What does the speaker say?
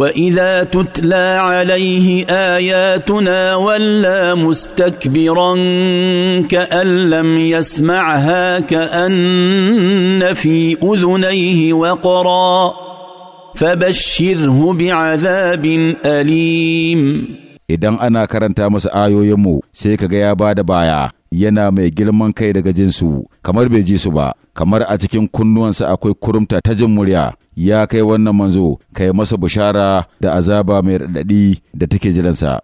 واذا تتلى عليه اياتنا ولى مستكبرا كان لم يسمعها كان في اذنيه وقرا فبشره بعذاب اليم idan ana karanta masa ayoyinmu sai kaga ya ba da baya yana mai girman kai daga jinsu kamar bai ji su ba kamar a cikin kunnuwansa akwai kurumta ta jin murya ya kai wannan manzo kai masa bushara da azaba mai raɗaɗi da take jiransa